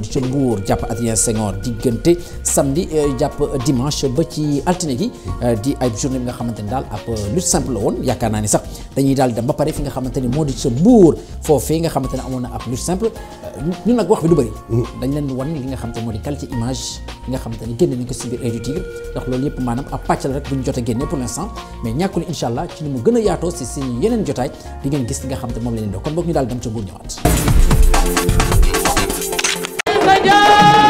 moo di ca Mbour jàpp Adrien Senghor diggante samedi euh, jàpp dimanche ba ci altine gi euh, di ay journée bi nga xamante ni daal ab euh, lutte simple la woon yaakaar naa ni sax dañuy daal dem ba pare fi nga xamante ni moo di ca Mbour foofee nga xamante ne amoon na ab lutte simple ñun nag wax bi du bëri mm. dañ leen wan li nga xamante ne moo di qualité image li nga xamante ni génne nañ ko si biir Oeil du pàcc rek bu ñu jot a génne mais ñàkkul incha allah ci ni yaatoo si si yeneen jotaay di ngeen gis li nga xamante moom la leen doo kon boog ñu daal dem ca Mbour ñëwaat nga jëm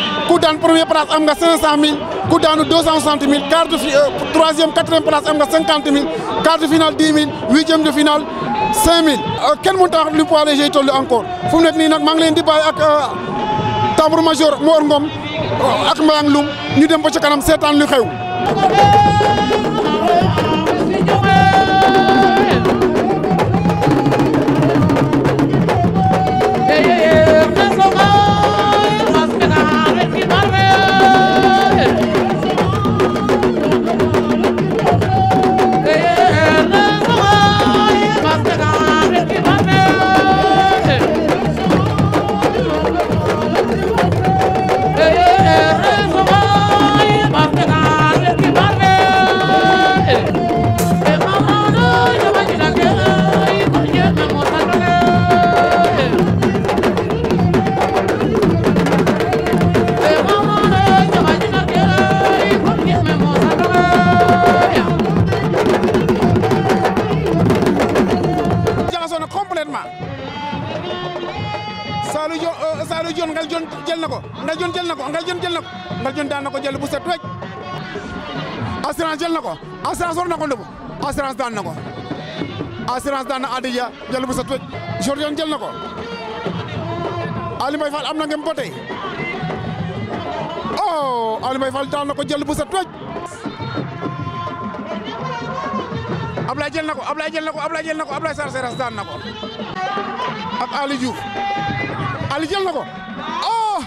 ku daan première place am nga 500000 ku daanu 260000 quart de fi euh, troisième place am nga 50000 quart de finale 10000 huitième de finale 5000. Euh, kenn mënut a lu poids léger yi toll encore fu nekk nii nag maa leen di ak euh, tambour major Mor Ngom ak Mbayang Loum ñu dem ba kanam seetaan lu xew. Saalu jo euh, Saalu Jon Ngal jël na ko Ngal Jon jël na ko Ngal Jon jël na ko Ngal Jon daan na ko jël bu set wecc assurance jël na ko assurance war na ko ndëbu assurance daan na ko assurance daan na Adiya jël bu set wecc Jor Jon jël na ko Ali Mbaye Fall am na ngeen ba tey oh, Ali Mbaye Fall daan na ko jël bu set wecc Ablaye jël na ko Ablaye jël na ko Ablaye jël na ko daan na ko ak Ali Diouf na ko oh!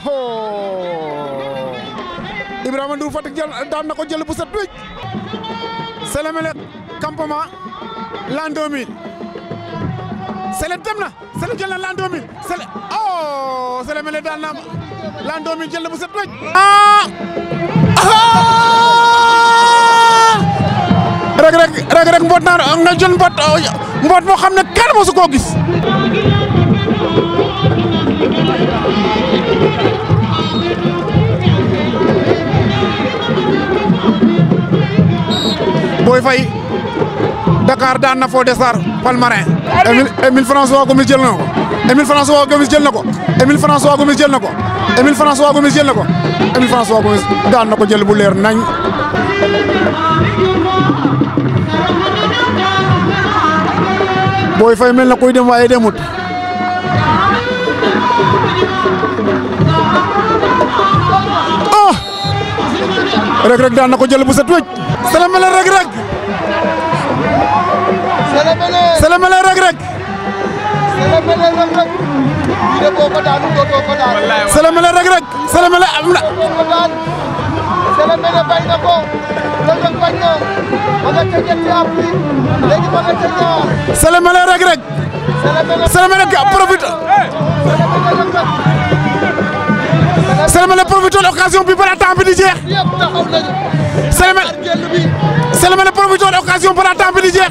Ibrahima Ndour Fatick jël daan na ko jël bu set wécc Sélémélé campement l'an 2000 Sélé dem na Sélé jël na l'an 2000 Sélé oh Sélémélé daan na l'an 2000 jël na bu set rek rek mboot naan nga jël mboot mboot moo xam ne kenn mosu koo gis. Boy Faye Dakar daan na Fodé Sarr Palmarin. Émile Émile François Gomis jël ko Émile François Gomis jël na ko Émile François Gomis jël na ko Émile François Gomis jël na ko Émile François Gomis daan na ko jël bu nañ. booy fay na kuy dem waaye demut ah Reug Reug daan na ko jël bu set wecc Sélé Reug Reug Sélé ca ñetti at bi léegi ma nga ca bi balaa temps jeex. Sëlëmele Sëlëmele profite occasion balaa temps bi jeex.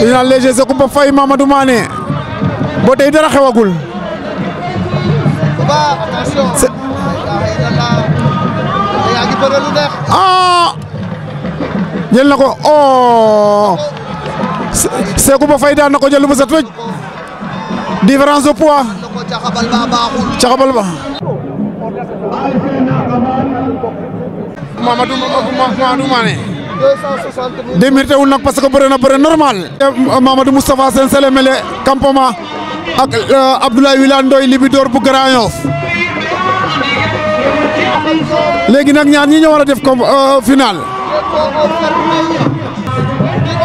ñu naan léegi sa kumpa fay Mamadou boo tey dara xewagul. ah jël na ko oh Seeku ba fay daan na ko jël bu sa différence de poids caxabal ba Mamadou démérité wul nag parce que bëre na bëre normal. Mamadou Moustapha Sène Sélémélé Kampoma ak euh, Abdoulaye Wilane Ndoye Libidor bu Grand léegi nag ñaar ñi ñoo war def comme euh, final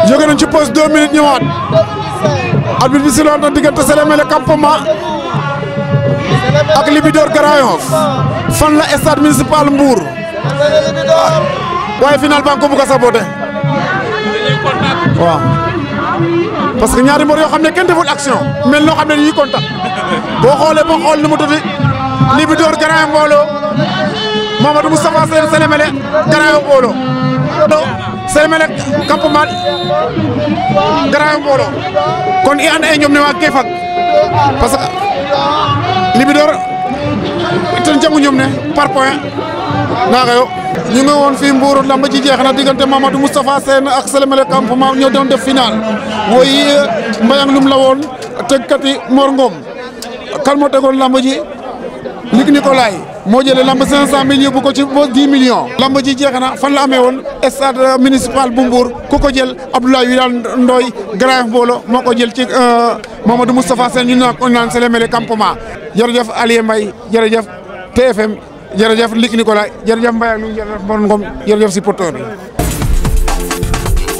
jóge nañ ci pause deux minutes ñëwaat arbitre bi si loon na diggante Sélémélé Kampoma ak Libidor Grand fan la stade municipal Mbour. waaye final ba ko bugg a saboté parce que ñaari mbër yoo xam ne kenn deful action mel noo xam ne dañuy contact boo xoolee ba xool nu mu tudd li bi door grand mbooloo Mamadou Moustapha Sène Sélémélé grand mbooloo do Sélémélé campement grand mbooloo kon i and ay ñoom ne waa ke parce que li ten jangu ñoom ne par point ñu ngi woon fii Mbour lamba ji jeex na diggante Mamadou Moustapha Sène ak Sëlëmale Campement ñoo doon def final mooy eh, mbayang lum la woon tëggkati Mor Ngom kan moo tegoon lamba ji Luc Nicolaï moo jëlee lamb 500000 bu ko ci ba 10 millions. lamb ji jeex na fan la amee woon stade municipal bu Mbour ku ko jël Abdoulaye Wilane Ndoye Grand Mbolo moo ko jël ci eh, Mamadou Moustapha Sène ñu naan naan Sëlëmale Campement jërëjëf Aliou Mbaye jërëjëf TFM. jërëjëf Luc Nicolaï jërëjëf Mbaye ak Louga jërëjëf Mor Ngom jërëjëf supporters yi